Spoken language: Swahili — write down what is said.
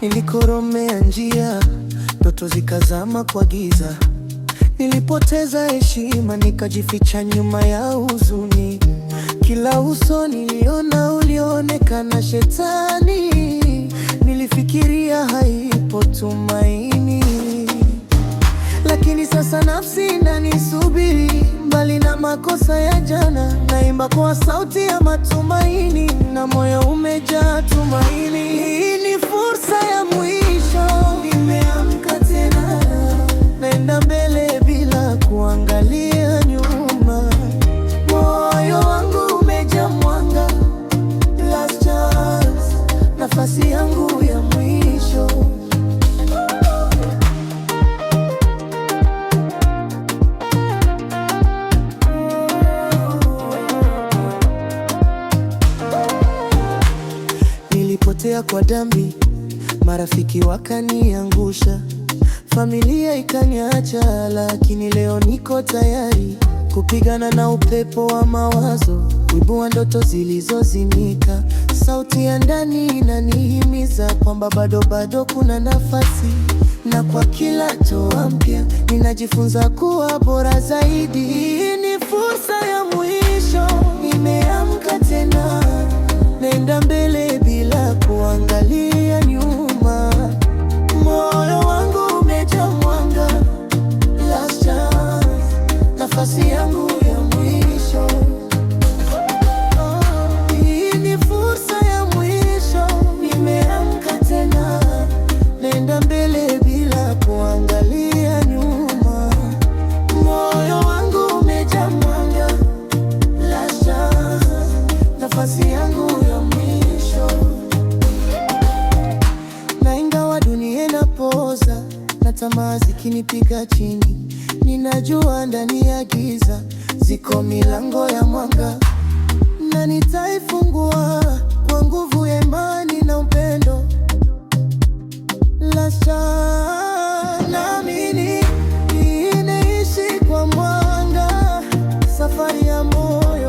Nilikoromea njia, ndoto zikazama kwa giza. Nilipoteza heshima, nikajificha nyuma ya huzuni. Kila uso niliona ulionekana shetani. Nilifikiria haipo tumaini. Sasa nafsi inanisubiri mbali na makosa ya jana, naimba kwa sauti ya matumaini na moyo umejaa tumaini. Hii ni fursa ya mwisho, nimeamka tena, naenda mbele bila kuangalia nyuma. Moyo wangu umejaa mwanga, last chance, nafasi yangu nilipotea kwa dhambi, marafiki wakaniangusha, familia ikaniacha, lakini leo niko tayari kupigana na upepo wa mawazo, wibu wa ndoto zilizozimika. Sauti ya ndani inanihimiza kwamba bado bado kuna nafasi, na kwa kila toa mpya ninajifunza kuwa bora zaidi. Hii ni fursa ya mwisho, nimeamka tena, naenda mbele uangalie tamaa zikinipiga chini, ninajua ndani ya giza ziko milango ya mwanga, na nitaifungua kwa nguvu ya imani na upendo. La shaka naamini ninaishi kwa mwanga, safari ya moyo